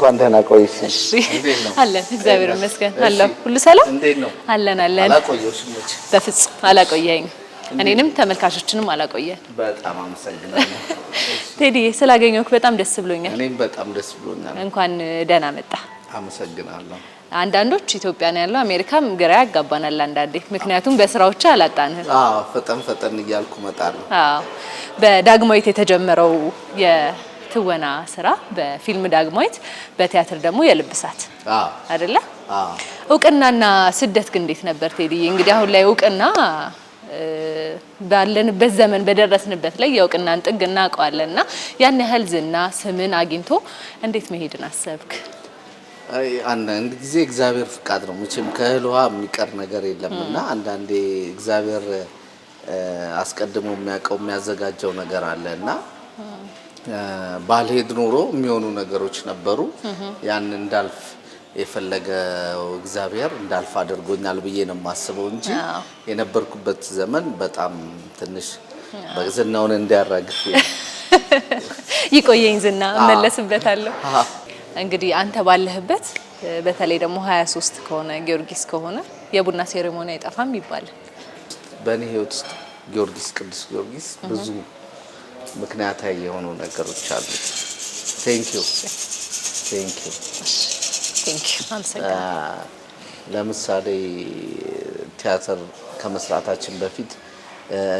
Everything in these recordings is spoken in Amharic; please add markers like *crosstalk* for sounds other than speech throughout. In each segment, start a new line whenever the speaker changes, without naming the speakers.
እንኳን ደህና ቆይሽ።
አለን እግዚአብሔር ይመስገን። አለሁ ሁሉ ሰላም አለን አለን። በፍጹም አላቆየኝ፣ እኔንም ተመልካቾችንም
አላቆየን። በጣም አመሰግናለሁ
*laughs* ቴዲ፣ ስላገኘሁህ በጣም
ደስ ብሎኛል። እኔም በጣም
ደስ ብሎኛል። እንኳን ደህና መጣ።
አመሰግናለሁ።
አንዳንዶች ኢትዮጵያ ነው ያለው አሜሪካም ግራ ያጋባናል አንዳንዴ፣ ምክንያቱም በስራዎች አላጣንህ። አዎ፣ ፈጠን
ፈጠን እያልኩ እመጣለሁ። አዎ፣
በዳግማዊት የተጀመረው ትወና ስራ በፊልም ዳግማዊት፣ በቲያትር ደግሞ የልብሳት አደለ። እውቅናና ስደት ግን እንዴት ነበር ቴዲዬ? እንግዲህ አሁን ላይ እውቅና ባለንበት ዘመን በደረስንበት ላይ የእውቅናን ጥግ እናውቀዋለን እና ያን ያህል ዝና ስምን አግኝቶ እንዴት መሄድን አሰብክ?
አንዳንድ ጊዜ እግዚአብሔር ፍቃድ ነው መቼም ከእህልዋ የሚቀር ነገር የለም እና አንዳንዴ እግዚአብሔር አስቀድሞ የሚያውቀው የሚያዘጋጀው ነገር አለ እና ባልሄድ ኑሮ የሚሆኑ ነገሮች ነበሩ። ያን እንዳልፍ የፈለገው እግዚአብሔር እንዳልፍ አድርጎኛል ብዬ ነው የማስበው እንጂ የነበርኩበት ዘመን በጣም ትንሽ ዝናውን እንዲያራግፍ
*laughs* ይቆየኝ ዝና እመለስበታለሁ። እንግዲህ አንተ ባለህበት በተለይ ደግሞ 23 ከሆነ ጊዮርጊስ ከሆነ የቡና ሴሬሞኒ አይጠፋም ይባላል።
በእኔ ህይወት ውስጥ ጊዮርጊስ ቅዱስ ጊዮርጊስ ብዙ ምክንያታዊ የሆኑ ነገሮች አሉ። ቴንኪው ቴንኪው ለምሳሌ ቲያትር ከመስራታችን በፊት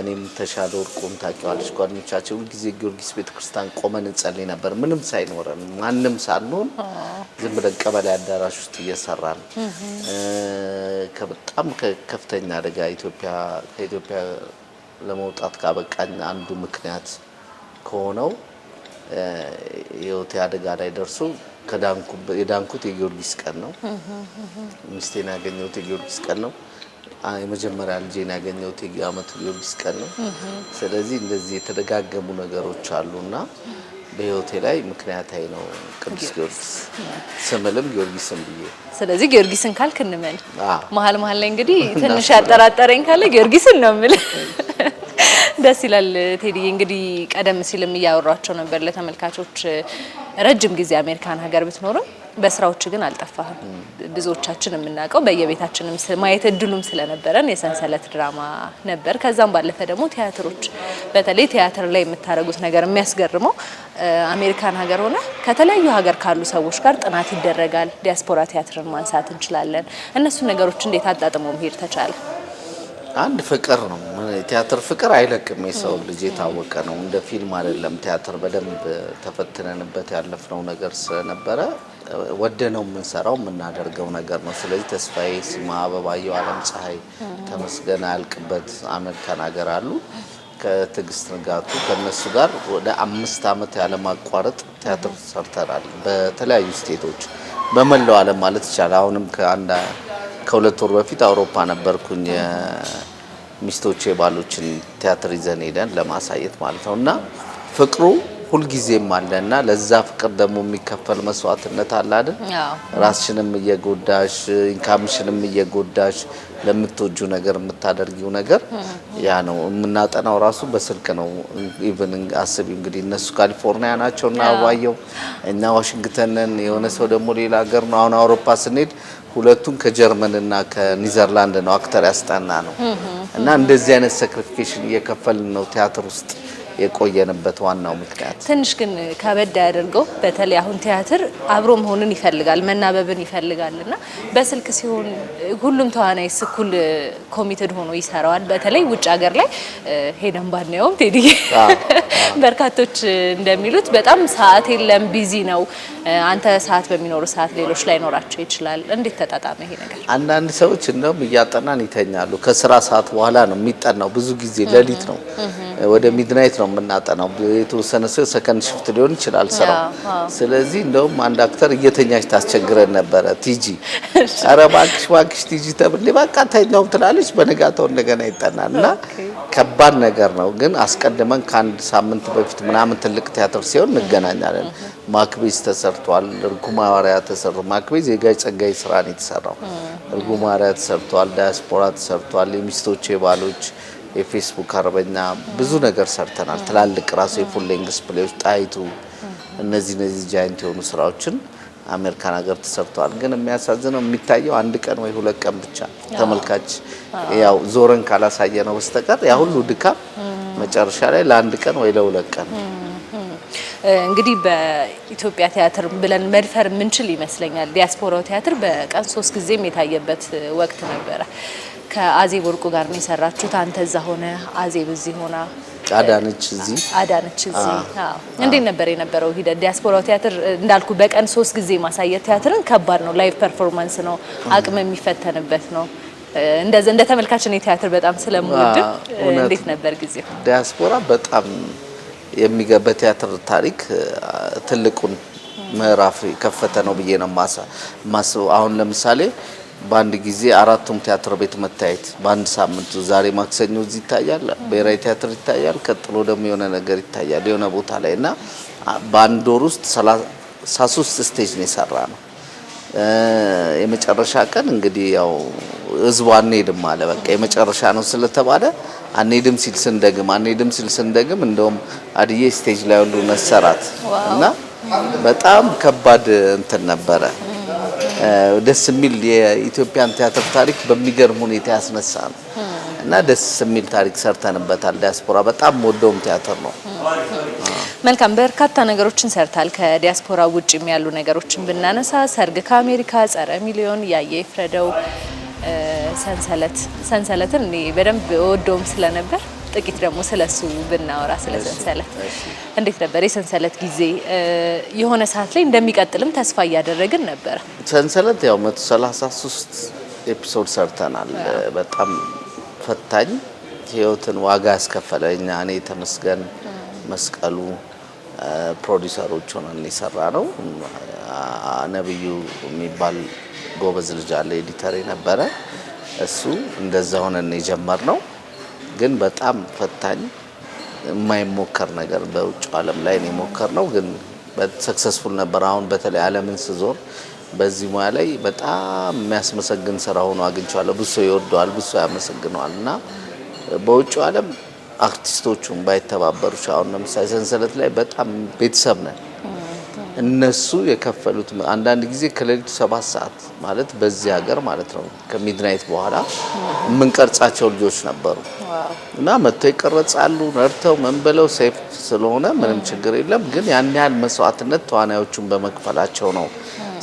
እኔም ተሻለ ወርቁም ታውቂዋለሽ፣ ጓደኞቻችን ሁልጊዜ ጊዮርጊስ ቤተክርስቲያን ቆመን እንጸልይ ነበር። ምንም ሳይኖረን ማንም ሳንሆን ዝም ብለን ቀበሌ አዳራሽ ውስጥ እየሰራን በጣም ከፍተኛ አደጋ ኢትዮጵያ ከኢትዮጵያ ለመውጣት ካበቃኝ አንዱ ምክንያት ከሆነው ህይወቴ አደጋ ላይ ደርሶ የዳንኩት የጊዮርጊስ ቀን ነው። ሚስቴን ያገኘሁት የጊዮርጊስ ቀን ነው። የመጀመሪያ ልጄን ያገኘሁት የዓመቱ ጊዮርጊስ ቀን ነው። ስለዚህ እንደዚህ የተደጋገሙ ነገሮች አሉና በህይወቴ ላይ ምክንያታዊ ነው ቅዱስ ጊዮርጊስ ስምልም ጊዮርጊስን ብዬ።
ስለዚህ ጊዮርጊስን ካልክ እንመን። መሀል መሀል ላይ እንግዲህ *laughs* ትንሽ ያጠራጠረኝ ካለ ጊዮርጊስን ነው የምልህ። ደስ ይላል ቴዲ። እንግዲህ ቀደም ሲልም እያወሯቸው ነበር ለተመልካቾች ረጅም ጊዜ አሜሪካን ሀገር ብትኖርም በስራዎች ግን አልጠፋህም። ብዙዎቻችን የምናውቀው በየቤታችንም ማየት እድሉም ስለነበረን የሰንሰለት ድራማ ነበር። ከዛም ባለፈ ደግሞ ቲያትሮች፣ በተለይ ቲያትር ላይ የምታደርጉት ነገር የሚያስገርመው አሜሪካን ሀገር ሆነ ከተለያዩ ሀገር ካሉ ሰዎች ጋር ጥናት ይደረጋል። ዲያስፖራ ቲያትርን ማንሳት እንችላለን። እነሱን ነገሮች እንዴት አጣጥሞ መሄድ ተቻለ?
አንድ ፍቅር ነው። ቲያትር ፍቅር አይለቅም። የሰው ልጅ የታወቀ ነው። እንደ ፊልም አይደለም። ቲያትር በደንብ ተፈትነንበት ያለፍነው ነገር ስለነበረ ወደነው የምንሰራው የምናደርገው ነገር ነው። ስለዚህ ተስፋዬ ሲማ፣ አበባየው፣ አለም ፀሐይ፣ ተመስገን አያልቅበት አሜሪካን ሀገር አሉ ከትዕግስት ንጋቱ ከእነሱ ጋር ወደ አምስት ዓመት ያለማቋረጥ ቲያትር ሰርተናል። በተለያዩ ስቴቶች በመላው ዓለም ማለት ይቻላል። አሁንም ከአንድ ከሁለት ወር በፊት አውሮፓ ነበርኩኝ። ሚስቶቼ ባሎችን ቲያትር ይዘን ሄደን ለማሳየት ማለት ነው እና ፍቅሩ ሁልጊዜም አለ እና ለዛ ፍቅር ደግሞ የሚከፈል መስዋዕትነት አለ አይደል? ራስሽንም እየጎዳሽ ኢንካምሽንም እየጎዳሽ ለምትወጁ ነገር የምታደርጊው ነገር ያ ነው። የምናጠናው ራሱ በስልክ ነው። ኢቨን አስቢ እንግዲህ እነሱ ካሊፎርኒያ ናቸው እና አባየው እና ዋሽንግተንን የሆነ ሰው ደግሞ ሌላ ሀገር ነው። አሁን አውሮፓ ስንሄድ ሁለቱም ከጀርመን እና ከኒዘርላንድ ነው አክተር ያስጠና ነው እና እንደዚህ አይነት ሳክሪፊኬሽን እየከፈልን ነው ቲያትር ውስጥ የቆየንበት ዋናው ምክንያት። ትንሽ ግን
ከበድ ያደርገው በተለይ አሁን ቲያትር አብሮ መሆንን ይፈልጋል፣ መናበብን ይፈልጋል እና በስልክ ሲሆን ሁሉም ተዋናይ ስኩል ኮሚትድ ሆኖ ይሰራዋል። በተለይ ውጭ ሀገር ላይ ሄደን ባናየውም ቴዲ በርካቶች እንደሚሉት በጣም ሰዓት የለም ቢዚ ነው። አንተ ሰዓት በሚኖሩ ሰዓት ሌሎች ኖራቸው ይችላል። እንዴት ተጣጣመ ይሄ ነገር? አንዳንድ ሰዎች
እንደውም እያጠናን ይተኛሉ። ከስራ ሰዓት በኋላ ነው የሚጠናው። ብዙ ጊዜ ሌሊት ነው፣ ወደ ሚድናይት ነው የምናጠናው። የተወሰነ ስ ሰከንድ ሽፍት ሊሆን ይችላል ስራው። ስለዚህ እንደውም አንድ አክተር እየተኛች ታስቸግረን ነበረ። ቲጂ ኧረ እባክሽ እባክሽ ቲጂ ተብሌ በቃ ተኛው ትላለች። በንጋታው እንደገና ይጠናል እና ከባድ ነገር ነው። ግን አስቀድመን ከአንድ ሳምንት በፊት ምናምን ትልቅ ቲያትር ሲሆን እንገናኛለን። ማክቤዝ ተሰርቷል። እርጉማ ዋርያ ተሰሩ። ማክቤዝ የጋሽ ጸጋዬ ስራ ነው የተሰራው። እርጉማ ዋርያ ተሰርቷል። ዳያስፖራ ተሰርቷል። የሚስቶች የባሎች የፌስቡክ አርበኛ ብዙ ነገር ሰርተናል። ትላልቅ ራሱ የፉሌንግስ ፕሌዎች ጣይቱ፣ እነዚህ እነዚህ ጃይንት የሆኑ ስራዎችን አሜሪካን ሀገር ተሰርተዋል። ግን የሚያሳዝነው የሚታየው አንድ ቀን ወይ ሁለት ቀን ብቻ ተመልካች ያው ዞረን ካላሳየ ነው በስተቀር ያ ሁሉ ድካም መጨረሻ ላይ ለአንድ ቀን ወይ ለሁለት ቀን
እንግዲህ በኢትዮጵያ ቲያትር ብለን መድፈር የምንችል ይመስለኛል። ዲያስፖራው ቲያትር በቀን ሶስት ጊዜም የታየበት ወቅት ነበረ። ከአዜብ ወርቁ ጋር ነው የሰራችሁት። አንተ እዛ ሆነ አዜብ እዚህ ሆና
አዳነች እዚህ
አዳነች እዚህ። እንዴት ነበር የነበረው ሂደት? ዲያስፖራው ቲያትር እንዳልኩ በቀን ሶስት ጊዜ ማሳየት ቲያትርን ከባድ ነው። ላይቭ ፐርፎርማንስ ነው፣ አቅም የሚፈተንበት ነው። እንደዚህ እንደ ተመልካች እኔ ቲያትር በጣም ስለምወድ እንዴት ነበር ጊዜው? ዲያስፖራ
በጣም የሚገበ ቲያትር ታሪክ ትልቁን ምዕራፍ የከፈተ ነው ብዬ ነው ማስበው አሁን ለምሳሌ በአንድ ጊዜ አራቱም ቲያትር ቤት መታየት በአንድ ሳምንት ዛሬ ማክሰኞ እዚህ ይታያል፣ ብሔራዊ ቲያትር ይታያል፣ ቀጥሎ ደግሞ የሆነ ነገር ይታያል የሆነ ቦታ ላይ እና በአንድ ወር ውስጥ ሰላሳ ሶስት ስቴጅ ነው የሰራ ነው። የመጨረሻ ቀን እንግዲህ ያው ህዝቡ አንሄድም አለ። በቃ የመጨረሻ ነው ስለተባለ አንሄድም ሲል ስንደግም አንሄድም ሲል ስንደግም እንደውም አድዬ ስቴጅ ላይ ሁሉ መሰራት እና በጣም ከባድ እንትን ነበረ። ደስ የሚል የኢትዮጵያን ቲያትር ታሪክ በሚገርም ሁኔታ ያስነሳ ነው እና ደስ የሚል ታሪክ ሰርተንበታል። ዲያስፖራ በጣም ወደውም ቲያትር ነው።
መልካም በርካታ ነገሮችን ሰርታል። ከዲያስፖራ ውጭም ያሉ ነገሮችን ብናነሳ ሰርግ ከአሜሪካ፣ ጸረ ሚሊዮን፣ ያየ ይፍረደው፣ ሰንሰለት ሰንሰለትን እኔ በደንብ ወደውም ስለነበር ጥቂት ደግሞ ስለሱ ብናወራ ስለ ሰንሰለት እንዴት ነበር የሰንሰለት ጊዜ? የሆነ ሰዓት ላይ እንደሚቀጥልም ተስፋ እያደረግን ነበረ።
ሰንሰለት ያው 133 ኤፒሶድ ሰርተናል። በጣም ፈታኝ ህይወትን ዋጋ ያስከፈለ እኛ እኔ ተመስገን መስቀሉ ፕሮዲሰሮች ሆነን የሰራ ነው። ነብዩ የሚባል ጎበዝ ልጅ አለ ኤዲተር የነበረ እሱ እንደዛ ሆነን የጀመር ነው ግን በጣም ፈታኝ የማይሞከር ነገር በውጭ ዓለም ላይ ነው የሞከር ነው፣ ግን ሰክሰስፉል ነበር። አሁን በተለይ ዓለምን ስዞር በዚህ ሙያ ላይ በጣም የሚያስመሰግን ስራ ሆኖ አግኝቼዋለሁ። ብሶ ይወደዋል፣ ብሶ ያመሰግነዋል። እና በውጭ ዓለም አርቲስቶቹም ባይተባበሩ አሁን ለምሳሌ ሰንሰለት ላይ በጣም ቤተሰብ ነን እነሱ የከፈሉት አንዳንድ ጊዜ ከሌሊቱ ሰባት ሰዓት ማለት በዚህ ሀገር ማለት ነው ከሚድናይት በኋላ የምንቀርጻቸው ልጆች ነበሩ እና መጥተው ይቀረጻሉ። ነርተው መንበለው ሴፍ ስለሆነ ምንም ችግር የለም። ግን ያን ያህል መስዋዕትነት ተዋናዮቹን በመክፈላቸው ነው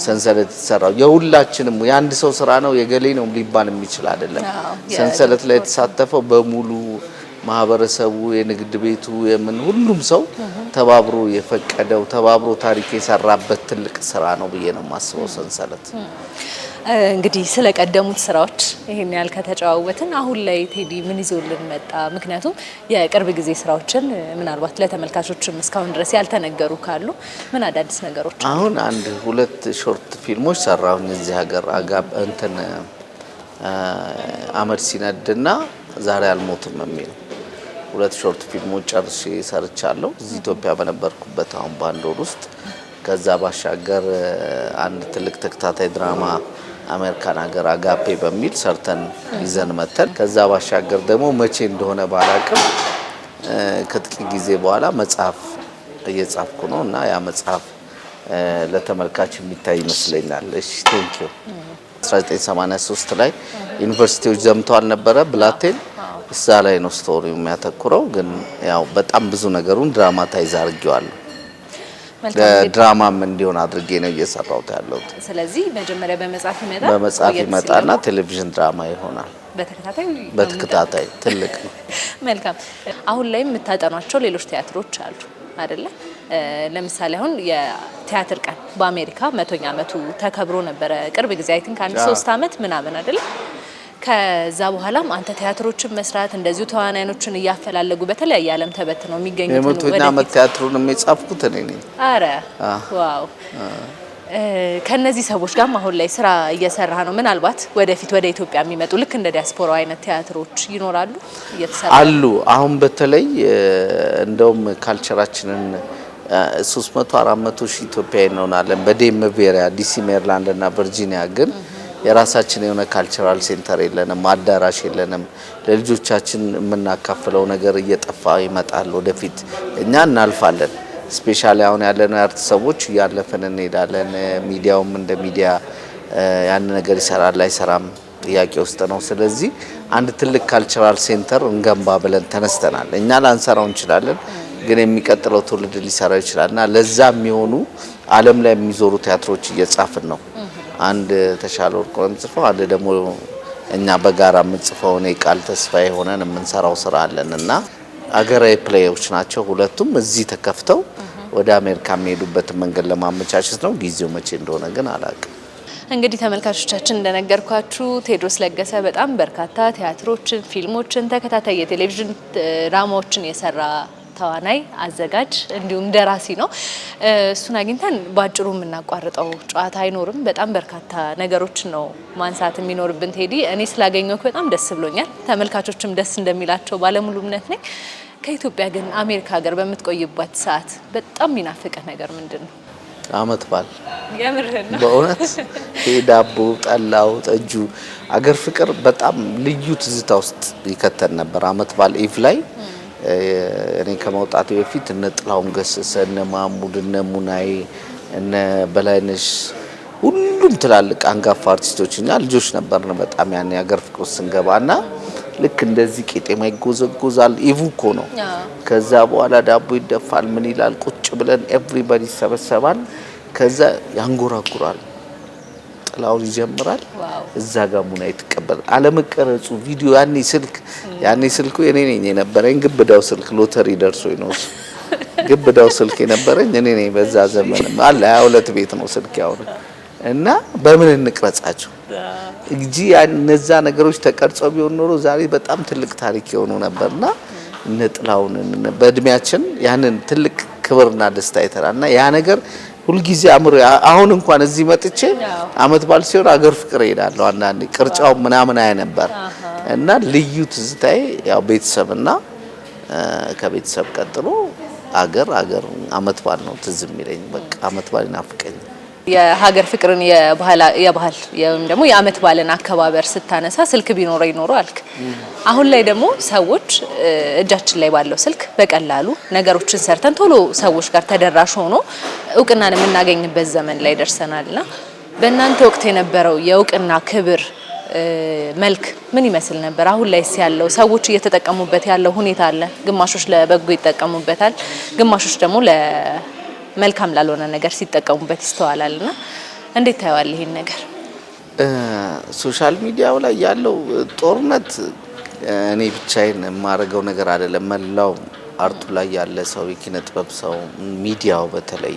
ሰንሰለት የተሰራው የሁላችንም የአንድ ሰው ስራ ነው የገሌ ነው ሊባል የሚችል አይደለም። ሰንሰለት ላይ የተሳተፈው በሙሉ ማህበረሰቡ፣ የንግድ ቤቱ፣ የምን ሁሉም ሰው ተባብሮ የፈቀደው ተባብሮ ታሪክ የሰራበት ትልቅ ስራ ነው ብዬ ነው የማስበው። ሰንሰለት
እንግዲህ ስለ ቀደሙት ስራዎች ይሄን ያህል ከተጨዋወትን አሁን ላይ ቴዲ ምን ይዞልን መጣ? ምክንያቱም የቅርብ ጊዜ ስራዎችን ምናልባት ለተመልካቾችም እስካሁን ድረስ ያልተነገሩ ካሉ ምን አዳዲስ ነገሮች? አሁን አንድ ሁለት
ሾርት ፊልሞች ሰራሁኝ እዚህ ሀገር አጋብ እንትን አመድ ሲነድና ዛሬ አልሞትም የሚል ሁለት ሾርት ፊልሞች ጨርሼ ሰርቻለሁ እዚህ ኢትዮጵያ በነበርኩበት አሁን በአንድ ወር ውስጥ። ከዛ ባሻገር አንድ ትልቅ ተከታታይ ድራማ አሜሪካን ሀገር አጋፔ በሚል ሰርተን ይዘን መተን። ከዛ ባሻገር ደግሞ መቼ እንደሆነ ባላቅም ከጥቂት ጊዜ በኋላ መጽሐፍ እየጻፍኩ ነው እና ያ መጽሐፍ ለተመልካች የሚታይ ይመስለኛል። እሺ፣ ቴንኪዩ 1983 ላይ ዩኒቨርሲቲዎች ዘምተው አልነበረ ብላቴን እዛ ላይ ነው ስቶሪ የሚያተኩረው። ግን ያው በጣም ብዙ ነገሩን ድራማታይዝ አድርጌዋለሁ። ድራማም እንዲሆን አድርጌ ነው እየሰራሁት
ያለሁት። ስለዚህ መጀመሪያ በመጽሐፍ ይመጣል፣
በመጽሐፍ ይመጣና ቴሌቪዥን ድራማ ይሆናል በተከታታይ በተከታታይ ትልቅ ነው።
*laughs* መልካም። አሁን ላይ የምታጠኗቸው ሌሎች ቲያትሮች አሉ አይደለ? ለምሳሌ አሁን የቲያትር ቀን በአሜሪካ መቶኛ ዓመቱ ተከብሮ ነበረ ቅርብ ጊዜ አይ ቲንክ አንድ ሶስት አመት ምናምን አይደለ? ከዛ በኋላም አንተ ቲያትሮችን መስራት እንደዚሁ ተዋናይኖችን እያፈላለጉ በተለያየ ዓለም ተበት ነው የሚገኙት የመቶኛ
ዓመት ቲያትሩን የሚጻፍኩት እኔ ነኝ።
አረ ዋው! ከነዚህ ሰዎች ጋርም አሁን ላይ ስራ እየሰራ ነው። ምናልባት ወደፊት ወደ ኢትዮጵያ የሚመጡ ልክ እንደ ዲያስፖራው አይነት ቲያትሮች ይኖራሉ
አሉ። አሁን በተለይ እንደውም ካልቸራችንን 300 400 ሺህ ኢትዮጵያ እንሆናለን በዴ መቬሪያ ዲሲ ሜሪላንድ እና ቨርጂኒያ ግን የራሳችን የሆነ ካልቸራል ሴንተር የለንም፣ አዳራሽ የለንም። ለልጆቻችን የምናካፍለው ነገር እየጠፋ ይመጣል። ወደፊት እኛ እናልፋለን። ስፔሻሊ አሁን ያለነው የአርት ሰዎች እያለፍን እንሄዳለን። ሚዲያውም እንደ ሚዲያ ያን ነገር ይሰራል አይሰራም ጥያቄ ውስጥ ነው። ስለዚህ አንድ ትልቅ ካልቸራል ሴንተር እንገንባ ብለን ተነስተናል። እኛ ላንሰራው እንችላለን፣ ግን የሚቀጥለው ትውልድ ሊሰራው ይችላልና ለዛ የሚሆኑ ዓለም ላይ የሚዞሩ ቲያትሮች እየጻፍን ነው። አንድ ተሻለ ወርቅ የምጽፈው አንድ ደግሞ እኛ በጋራ የምንጽፈው እኔ ቃል ተስፋ ሆነን የምንሰራው ስራ አለን እና አገራዊ ፕሌዮች ናቸው ሁለቱም እዚህ ተከፍተው ወደ አሜሪካ የሚሄዱበትን መንገድ ለማመቻቸት ነው። ጊዜው መቼ እንደሆነ ግን አላውቅም።
እንግዲህ ተመልካቾቻችን እንደነገርኳችሁ ቴዎድሮስ ለገሰ በጣም በርካታ ቲያትሮችን፣ ፊልሞችን፣ ተከታታይ የቴሌቪዥን ድራማዎችን የሰራ ተዋናይ፣ አዘጋጅ እንዲሁም ደራሲ ነው። እሱን አግኝተን በአጭሩ የምናቋርጠው ጨዋታ አይኖርም። በጣም በርካታ ነገሮችን ነው ማንሳት የሚኖርብን ቴዲ። እኔ ስላገኘሁ በጣም ደስ ብሎኛል። ተመልካቾችም ደስ እንደሚላቸው ባለሙሉ እምነት ነኝ። ከኢትዮጵያ ግን አሜሪካ ሀገር በምትቆይበት ሰዓት በጣም የሚናፍቅህ ነገር ምንድን ነው?
አመት በዓል በእውነት ዳቦ፣ ጠላው፣ ጠጁ አገር ፍቅር በጣም ልዩ ትዝታ ውስጥ ይከተል ነበር። አመት በዓል ኢቭ ላይ እኔ ከመውጣት በፊት እነ ጥላሁን ገሰሰ፣ እነ ማሙድ፣ እነ ሙናይ፣ እነ በላይነሽ ሁሉም ትላልቅ አንጋፋ አርቲስቶች እኛ ልጆች ነበርን በጣም ያን የሀገር ፍቅር ስንገባ እና ልክ እንደዚህ ቄጤማ ይጎዘጎዛል። ኢቭኮ ነው። ከዛ በኋላ ዳቦ ይደፋል። ምን ይላል? ቁጭ ብለን ኤቭሪባዲ ይሰበሰባል። ከዛ ያንጎራጉራል። ጥላውን ይጀምራል። እዛ ጋር ሙና ይትቀበል አለመቀረጹ ቪዲዮ ያኔ ስልክ ያኔ ስልኩ የኔ ነኝ የነበረኝ ግብዳው ስልክ ሎተሪ ደርሶ ይኖስ እሱ ግብዳው ስልክ የነበረኝ እኔ ነኝ። በዛ ዘመን አለ ሀያ ሁለት ቤት ነው ስልክ ያውነ እና በምን እንቅረጻቸው እንጂ እነዛ ነገሮች ተቀርጸው ቢሆን ኖሮ ዛሬ በጣም ትልቅ ታሪክ የሆኑ ነበርና እነ ጥላውን በእድሜያችን ያንን ትልቅ ክብርና ደስታ ይተራልና ያ ነገር ሁልጊዜ አምሮ አሁን እንኳን እዚህ መጥቼ አመት በዓል ሲሆን አገር ፍቅር እሄዳለሁ። አንዳንዴ ቅርጫው ምናምን አይ ነበር እና ልዩ ትዝታዬ ያው ቤተሰብና ከቤተሰብ ቀጥሎ አገር አገር አመት በዓል ነው ትዝ የሚለኝ። በቃ አመት በዓል ይናፍቀኝ። የሀገር
ፍቅርን የባህል ወይም ደግሞ የአመት ባለን አከባበር ስታነሳ ስልክ ቢኖረ ይኖሩ አልክ። አሁን ላይ ደግሞ ሰዎች እጃችን ላይ ባለው ስልክ በቀላሉ ነገሮችን ሰርተን ቶሎ ሰዎች ጋር ተደራሽ ሆኖ እውቅናን የምናገኝበት ዘመን ላይ ደርሰናልና በእናንተ ወቅት የነበረው የእውቅና ክብር መልክ ምን ይመስል ነበር? አሁን ላይ ያለው ሰዎች እየተጠቀሙበት ያለው ሁኔታ አለ። ግማሾች ለበጎ ይጠቀሙበታል፣ ግማሾች ደግሞ መልካም ላልሆነ ነገር ሲጠቀሙበት ይስተዋላል። ና እንዴት ታየዋል ይህን ነገር?
ሶሻል ሚዲያው ላይ ያለው ጦርነት እኔ ብቻዬን የማደርገው ነገር አይደለም። መላው አርቱ ላይ ያለ ሰው፣ የኪነ ጥበብ ሰው፣ ሚዲያው በተለይ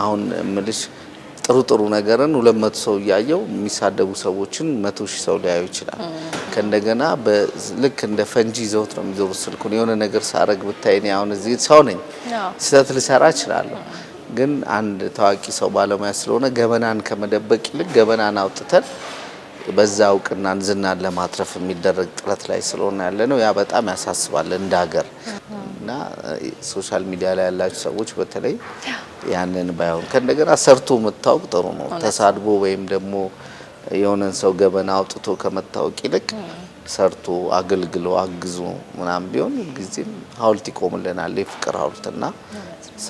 አሁን ምልሽ ጥሩ ጥሩ ነገርን ሁለት መቶ ሰው እያየው የሚሳደቡ ሰዎችን መቶ ሺህ ሰው ሊያዩ ይችላል። ከእንደገና ልክ እንደ ፈንጂ ይዘውት ነው የሚዞሩት ስልኩን። የሆነ ነገር ሳረግ ብታይ እኔ አሁን እዚህ ሰው ነኝ ስህተት ልሰራ እችላለሁ። ግን አንድ ታዋቂ ሰው ባለሙያ ስለሆነ ገበናን ከመደበቅ ይልቅ ገበናን አውጥተን በዛ እውቅናን ዝናን ለማትረፍ የሚደረግ ጥረት ላይ ስለሆነ ያለ ነው። ያ በጣም ያሳስባል እንደ ሀገር። እና ሶሻል ሚዲያ ላይ ያላችሁ ሰዎች በተለይ ያንን ባይሆን ከእንደገና ሰርቶ መታወቅ ጥሩ ነው። ተሳድቦ ወይም ደግሞ የሆነን ሰው ገበና አውጥቶ ከመታወቅ ይልቅ ሰርቶ አገልግሎ አግዞ ምናምን ቢሆን ጊዜም ሐውልት ይቆምልናል የፍቅር ሐውልትና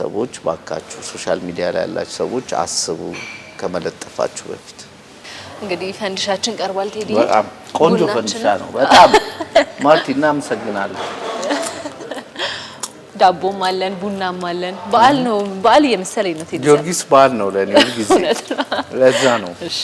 ሰዎች ባካችሁ ሶሻል ሚዲያ ላይ ያላችሁ ሰዎች አስቡ ከመለጠፋችሁ በፊት። እንግዲህ
ፈንዲሻችን ቀርቧል። ቴዲ ቆንጆ
ፈንዲሻ ነው በጣም *laughs* ማርቲ፣ እናመሰግናለን።
ዳቦም አለን፣ ቡናም አለን። በዓል ነው በዓል እየመሰለኝ ነው። ጊዮርጊስ
በዓል ነው ለእኔ ጊዜ ለዛ ነው። እሺ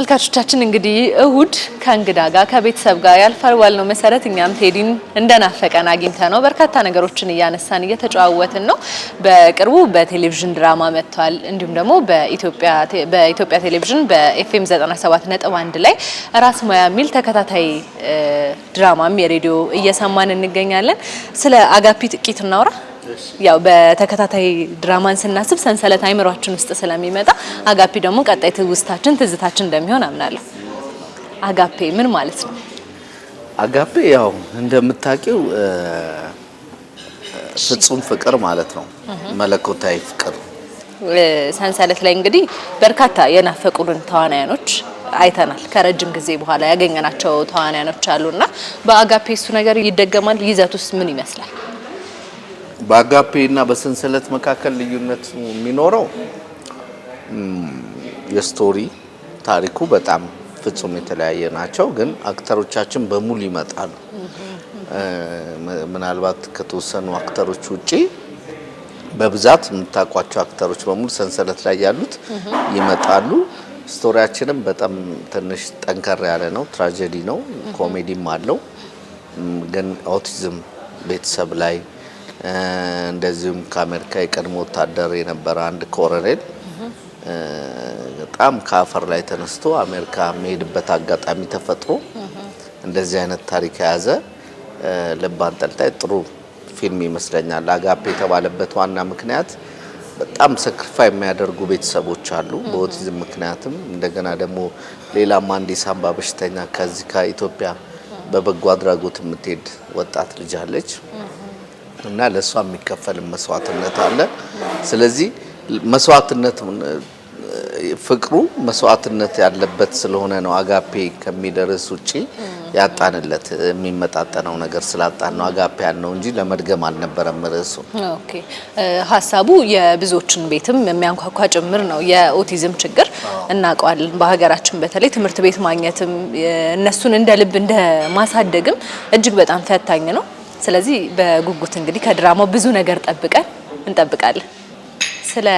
ተመልካቾቻችን እንግዲህ እሁድ ከእንግዳ ጋር ከቤተሰብ ጋር ያልፋል ባልነው መሰረት እኛም ቴዲን እንደናፈቀን አግኝተ ነው በርካታ ነገሮችን እያነሳን እየተጨዋወትን ነው። በቅርቡ በቴሌቪዥን ድራማ መጥቷል። እንዲሁም ደግሞ በኢትዮጵያ ቴሌቪዥን በኤፍኤም 97 ነጥብ አንድ ላይ ራስ ሙያ የሚል ተከታታይ ድራማም የሬዲዮ እየሰማን እንገኛለን። ስለ አጋፒ ጥቂት እናውራ። ያው በተከታታይ ድራማን ስናስብ ሰንሰለት አይምሯችን ውስጥ ስለሚመጣ አጋፔ ደግሞ ቀጣይ ትውስታችን ትዝታችን እንደሚሆን አምናለሁ። አጋፔ ምን ማለት ነው?
አጋፔ ያው እንደምታውቂው ፍጹም ፍቅር ማለት ነው፣ መለኮታዊ ፍቅር።
ሰንሰለት ላይ እንግዲህ በርካታ የናፈቁን ተዋናያኖች አይተናል። ከረጅም ጊዜ በኋላ ያገኘናቸው ተዋናያኖች አሉና በአጋፔ እሱ ነገር ይደገማል። ይዘቱስ ምን ይመስላል?
በአጋፔ እና በሰንሰለት መካከል ልዩነት የሚኖረው የስቶሪ ታሪኩ በጣም ፍጹም የተለያየ ናቸው። ግን አክተሮቻችን በሙሉ ይመጣሉ። ምናልባት ከተወሰኑ አክተሮች ውጪ በብዛት የምታውቋቸው አክተሮች በሙሉ ሰንሰለት ላይ ያሉት ይመጣሉ። ስቶሪያችንም በጣም ትንሽ ጠንከር ያለ ነው። ትራጀዲ ነው፣ ኮሜዲም አለው። ግን ኦቲዝም ቤተሰብ ላይ እንደዚሁም ከአሜሪካ የቀድሞ ወታደር የነበረ አንድ ኮረኔል በጣም ከአፈር ላይ ተነስቶ አሜሪካ የሚሄድበት አጋጣሚ ተፈጥሮ እንደዚህ አይነት ታሪክ የያዘ ልብ አንጠልጣይ ጥሩ ፊልም ይመስለኛል። አጋፔ የተባለበት ዋና ምክንያት በጣም ሰክሪፋይ የሚያደርጉ ቤተሰቦች አሉ፣ በኦቲዝም ምክንያትም እንደገና ደግሞ ሌላም አንድ የሳምባ በሽተኛ ከዚህ ከኢትዮጵያ በበጎ አድራጎት የምትሄድ ወጣት ልጅ አለች። እና ለእሷ የሚከፈል መስዋዕትነት አለ። ስለዚህ መስዋዕትነት ፍቅሩ መስዋዕትነት ያለበት ስለሆነ ነው። አጋፔ ከሚደርስ ውጪ ያጣንለት የሚመጣጠነው ነገር ስላጣን ነው አጋፔ ያልነው እንጂ ለመድገም አልነበረም ርዕሱ። ኦኬ
ሀሳቡ የብዙዎችን ቤትም የሚያንኳኳ ጭምር ነው። የኦቲዝም ችግር እናውቀዋለን። በሀገራችን በተለይ ትምህርት ቤት ማግኘትም እነሱን እንደ ልብ እንደ ማሳደግም እጅግ በጣም ፈታኝ ነው። ስለዚህ በጉጉት እንግዲህ ከድራማው ብዙ ነገር ጠብቀን እንጠብቃለን። ስለ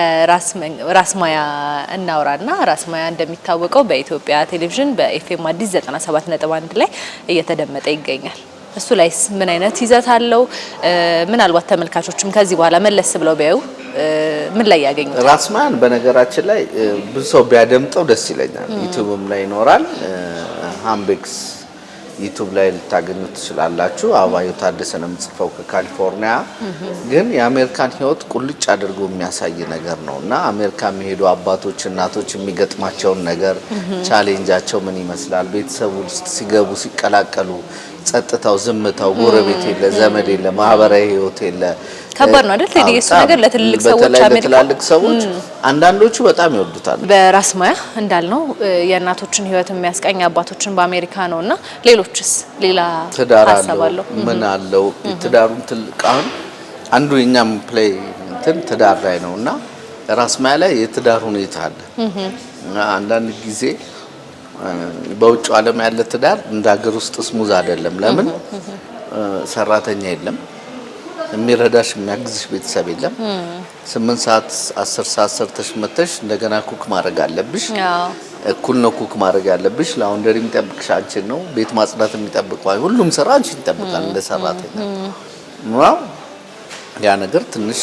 ራስ ሙያ እናውራና ራስ ሙያ እንደሚታወቀው በኢትዮጵያ ቴሌቪዥን በኤፍኤም አዲስ 97 1 ላይ እየተደመጠ ይገኛል። እሱ ላይ ምን አይነት ይዘት አለው? ምናልባት ተመልካቾችም ከዚህ በኋላ መለስ ብለው ቢያዩ ምን ላይ ያገኙ ራስ ሙያን
በነገራችን ላይ ብዙ ሰው ቢያደምጠው ደስ ይለኛል። ዩቲዩብም ላይ ይኖራል። ሃምቤክስ ዩቱብ ላይ ልታገኙ ትችላላችሁ። አበባዮ ታደሰ ነው የምጽፈው ከካሊፎርኒያ። ግን የአሜሪካን ህይወት ቁልጭ አድርጎ የሚያሳይ ነገር ነው እና አሜሪካ የሚሄዱ አባቶች፣ እናቶች የሚገጥማቸውን ነገር ቻሌንጃቸው ምን ይመስላል፣ ቤተሰቡ ውስጥ ሲገቡ ሲቀላቀሉ ጸጥታው፣ ዝምታው፣ ጎረቤት የለ፣ ዘመድ የለ፣ ማህበራዊ ህይወት የለ።
ከባድ ነው አይደል? ቴዲ እሱ ነገር ለትልልቅ ሰዎች አሜሪካ፣ ለትልልቅ ሰዎች አንዳንዶቹ በጣም ይወዱታል። በራስ ሙያ እንዳልነው የእናቶችን ህይወት የሚያስቀኝ አባቶችን በአሜሪካ ነውና፣ ሌሎችስ ሌላ ትዳር አለው
ምን አለው? ትዳሩን ትልቅ አሁን አንዱ የኛም ፕሌይ እንትን ትዳር ላይ ነውና ራስ ማያ ላይ የትዳር ሁኔታ አለ አንዳንድ ጊዜ በውጭ ዓለም ያለ ትዳር እንደ ሀገር ውስጥ ስሙዝ አይደለም። ለምን ሰራተኛ የለም፣ የሚረዳሽ የሚያግዝሽ ቤተሰብ የለም። ስምንት ሰዓት አስር ሰዓት ሰርተሽ መተሽ እንደገና ኩክ ማድረግ አለብሽ። እኩል ነው ኩክ ማድረግ ያለብሽ። ላውንደሪ የሚጠብቅሽ አንቺን ነው። ቤት ማጽዳት የሚጠብቀው ሁሉም ስራ አንቺን ይጠብቃል እንደ ሰራተኛ ያ ነገር ትንሽ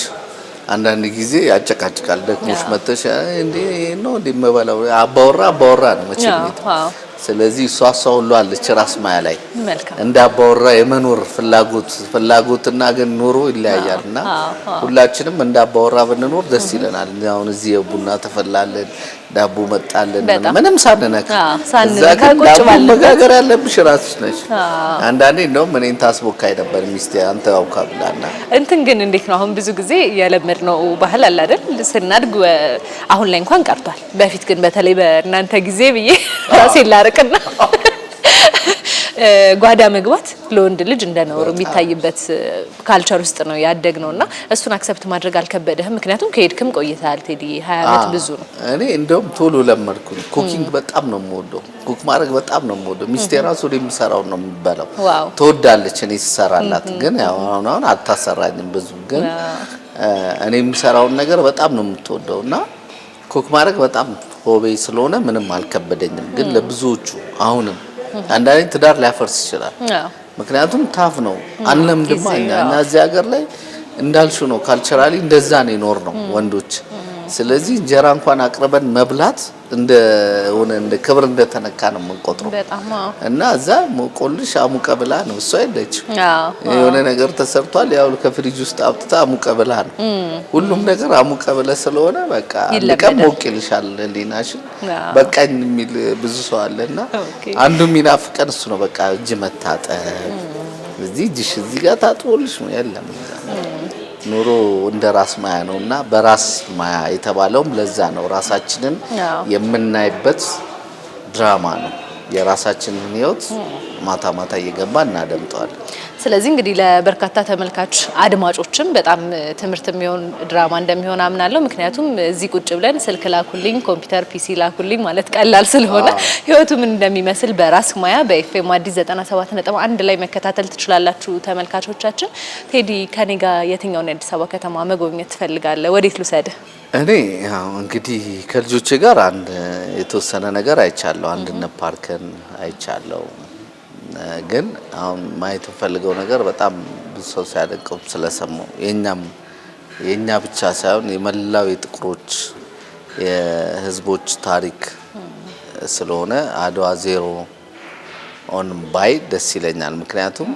አንዳንድ ጊዜ ያጨቃጭቃል። ደክሞሽ መተሽ እንዴ ነው እንደምበላው አባወራ አባወራ ነው መቼም። ስለዚህ እሷ እሷ ሁሉ አለች ራስ ማያ ላይ እንደ አባወራ የመኖር ፍላጎት ፍላጎትና ግን ኑሮ ይለያያል እና ሁላችንም እንደ አባወራ ብንኖር ደስ ይለናል። አሁን እዚህ የቡና ተፈላለን ዳቦ መጣልን ምንም ሳንነክ ዳቦ መጋገር ያለብሽ ራስሽ ነሽ። አንዳንዴ እንደውም እኔን ታስቦካኝ ነበር ሚስቴ አንተ አውካ ብላና እንትን ግን እንዴት
ነው አሁን ብዙ ጊዜ የለመድነው ባህል አለ አይደል? ስናድግ አሁን ላይ እንኳን ቀርቷል። በፊት ግን በተለይ በእናንተ ጊዜ ብዬ ራሴን ላርቅና *laughs* ጓዳ መግባት ለወንድ ልጅ እንደነውር የሚታይበት ካልቸር ውስጥ ነው ያደግ ነው እና እሱን አክሰፕት ማድረግ አልከበደህም? ምክንያቱም ከሄድክም ቆይተሃል ቴዲ፣ ሀያ ዓመት ብዙ ነው። እኔ እንደውም ቶሎ ለመድኩ።
ኩኪንግ በጣም ነው የምወደው፣ ኩክ ማድረግ በጣም ነው የምወደው። ሚስቴ ራሱ የምሰራው ነው የምበላው፣ ትወዳለች። እኔ ስሰራላት ግን አሁን አሁን አታሰራኝም ብዙ ግን እኔ የምሰራውን ነገር በጣም ነው የምትወደው እና ኩክ ማድረግ በጣም ሆቤ ስለሆነ ምንም አልከበደኝም። ግን ለብዙዎቹ አሁንም አንዳንዴ ትዳር ሊያፈርስ ይችላል። ምክንያቱም ታፍ ነው አንለምድማ እኛ እዚህ ሀገር ላይ እንዳልሹ ነው ካልቸራሊ እንደዛ ነው ይኖር ነው ወንዶች ስለዚህ እንጀራ እንኳን አቅርበን መብላት እንደሆነ እንደ ክብር እንደተነካ ነው የምንቆጥረው። እና እዛ ሞቆልሽ አሙቀ ብላ ነው እሷ የለችም። የሆነ ነገር ተሰርቷል፣ ያው ከፍሪጅ ውስጥ አውጥታ አሙቀ ብላ ነው። ሁሉም ነገር አሙቀ ብለ ስለሆነ በቃ ልቀም ሞቅ ይልሻል ሊናሽን በቃኝ የሚል ብዙ ሰው አለ። እና አንዱ የሚናፍቀን እሱ ነው። በቃ እጅ መታጠብ እዚህ እጅሽ እዚህ ጋር ታጥቦልሽ ነው ያለም ኑሮ እንደ ራስ ማያ ነው እና በራስ ማያ የተባለውም ለዛ ነው። ራሳችንን የምናይበት ድራማ ነው። የራሳችንን ህይወት ማታ ማታ እየገባ እናደምጠዋለን። ስለዚህ እንግዲህ ለበርካታ
ተመልካች አድማጮችም በጣም ትምህርት የሚሆን ድራማ እንደሚሆን አምናለሁ። ምክንያቱም እዚህ ቁጭ ብለን ስልክ ላኩልኝ፣ ኮምፒውተር ፒሲ ላኩልኝ ማለት ቀላል ስለሆነ ህይወቱ ምን እንደሚመስል በራስ ሙያ በኤፍኤም አዲስ አንድ ላይ መከታተል ትችላላችሁ። ተመልካቾቻችን ቴዲ ከኔ ጋር የትኛውን የአዲስ አበባ ከተማ መጎብኘት ትፈልጋለህ? ወዴት ልውሰድህ? እኔ ያው እንግዲህ
ከልጆቼ ጋር አንድ የተወሰነ ነገር አይቻለሁ። አንድነት ፓርክን አይቻለሁ። ግን አሁን ማየት የምፈልገው ነገር በጣም ብዙ ሰው ሲያደንቀው ስለሰማው የኛም የእኛ ብቻ ሳይሆን የመላው የጥቁሮች የህዝቦች ታሪክ ስለሆነ አድዋ ዜሮ ኦን ባይ ደስ ይለኛል። ምክንያቱም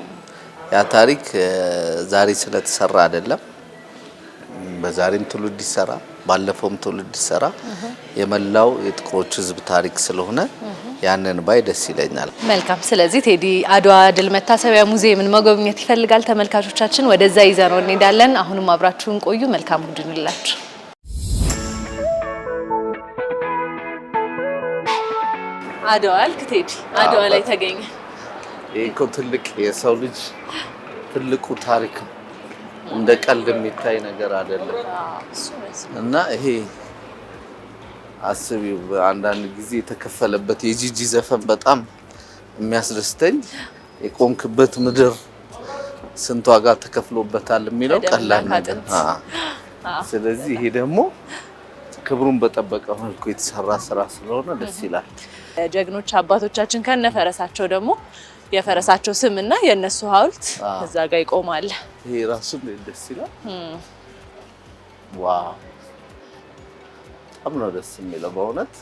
ያ ታሪክ ዛሬ ስለተሰራ አይደለም፣ በዛሬም ትውልድ ይሰራ፣ ባለፈውም ትውልድ ይሰራ የመላው የጥቁሮች ህዝብ ታሪክ ስለሆነ ያንን ባይ ደስ ይለኛል።
መልካም። ስለዚህ ቴዲ አድዋ ድል መታሰቢያ ሙዚየምን መጎብኘት ይፈልጋል። ተመልካቾቻችን ወደዛ ይዘነው እንሄዳለን። አሁንም አብራችሁን ቆዩ። መልካም ቡድንላችሁ ይላችሁ። አድዋ አልክ ቴዲ፣ አድዋ ላይ ተገኘ።
ይህ እኮ ትልቅ የሰው ልጅ ትልቁ ታሪክ እንደ ቀልድ የሚታይ ነገር አይደለም እና ይሄ አስቢ አንዳንድ ጊዜ የተከፈለበት የጂጂ ዘፈን በጣም የሚያስደስተኝ የቆንክበት ምድር ስንት ዋጋ ተከፍሎበታል የሚለው ቀላል ነገር። ስለዚህ ይሄ ደግሞ ክብሩን በጠበቀ መልኩ የተሰራ ስራ ስለሆነ ደስ ይላል።
ጀግኖች አባቶቻችን ከነፈረሳቸው ደግሞ የፈረሳቸው ስም እና የእነሱ ሐውልት እዛ ጋር ይቆማል። ይሄ ራሱ
ደስ ይላል። ዋው በጣም ነው ደስ የሚለው በእውነት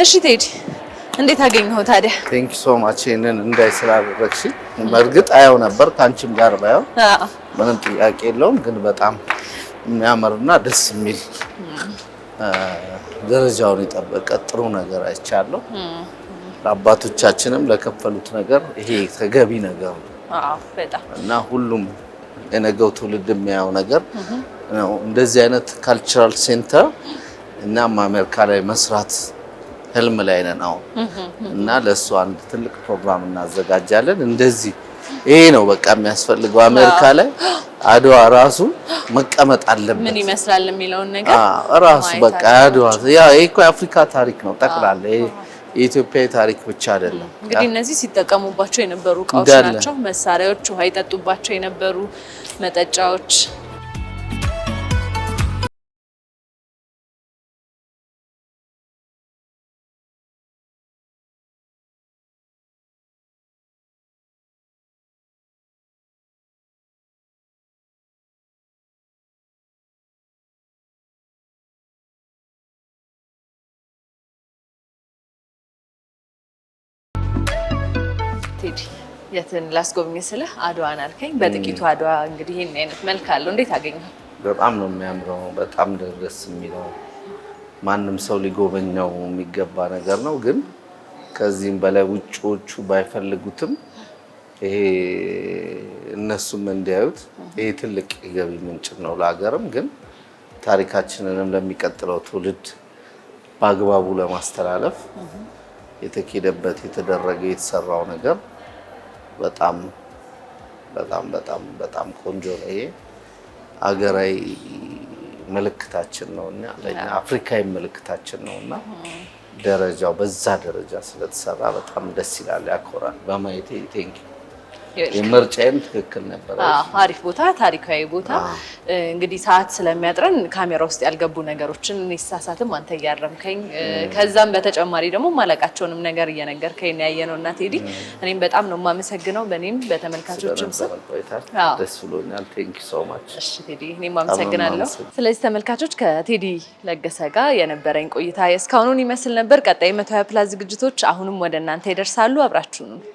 እሺ ቴዲ እንዴት አገኘሁ ታዲያ? ቴንክ
ሶ ማች ይህንን እንዳይ ስላደረግሽ። በእርግጥ አየው ነበር ከአንቺም ጋር ባየው ምንም ጥያቄ የለውም። ግን በጣም የሚያምርና ደስ የሚል ደረጃውን የጠበቀ ጥሩ ነገር አይቻለሁ። ለአባቶቻችንም ለከፈሉት ነገር ይሄ ተገቢ ነገር እና ሁሉም የነገው ትውልድ የሚያየው ነገር ነው። እንደዚህ አይነት ካልቸራል ሴንተር እናም አሜሪካ ላይ መስራት ህልም ላይ ነን አሁን እና ለእሱ አንድ ትልቅ ፕሮግራም እናዘጋጃለን። እንደዚህ ይሄ ነው በቃ የሚያስፈልገው። አሜሪካ ላይ አድዋ ራሱ መቀመጥ አለበት። ምን ይመስላል
የሚለውን ነገር ራሱ በቃ
አድዋ ያ ይሄ እኮ የአፍሪካ ታሪክ ነው ጠቅላላ የኢትዮጵያ ታሪክ ብቻ አይደለም። እንግዲህ እነዚህ ሲጠቀሙባቸው
የነበሩ እቃዎች ናቸው፣ መሳሪያዎች፣ ውሃ ይጠጡባቸው የነበሩ መጠጫዎች የትን ላስጎብኝ ስልህ አድዋን አልከኝ። በጥቂቱ አድዋ እንግዲህ ይህን አይነት መልክ አለው። እንዴት አገኘው? በጣም ነው የሚያምረው።
በጣም ደስ የሚለው ማንም ሰው ሊጎበኘው የሚገባ ነገር ነው። ግን ከዚህም በላይ ውጭዎቹ ባይፈልጉትም ይሄ እነሱም እንዲያዩት ይሄ ትልቅ የገቢ ምንጭ ነው ለሀገርም፣ ግን ታሪካችንንም ለሚቀጥለው ትውልድ በአግባቡ ለማስተላለፍ የተኬደበት የተደረገ የተሰራው ነገር በጣም በጣም በጣም በጣም ቆንጆ ነው። ይሄ አገራዊ ምልክታችን ነው እና ለእኛ አፍሪካዊ ምልክታችን ነው እና ደረጃው በዛ ደረጃ ስለተሰራ በጣም ደስ ይላል፣ ያኮራል በማየቴ ቴንኪው የምርጫዬም ትክክል ነበር።
አሪፍ ቦታ፣ ታሪካዊ ቦታ። እንግዲህ ሰዓት ስለሚያጥረን ካሜራ ውስጥ ያልገቡ ነገሮችን ሳሳትም አንተ እያረምከኝ ከዛም በተጨማሪ ደግሞ ማለቃቸውንም ነገር እየነገርከኝ ያየነው እና ቴዲ እኔም በጣም ነው የማመሰግነው። በእኔም በተመልካቾችም
ደስ ብሎኛል። ቴንክ ሶ ማች። ቴዲ፣ እኔም አመሰግናለሁ።
ስለዚህ ተመልካቾች ከቴዲ ለገሰ ጋር የነበረኝ ቆይታ እስካሁኑን ይመስል ነበር። ቀጣይ መቶ ፕላስ ዝግጅቶች አሁንም ወደ እናንተ ይደርሳሉ።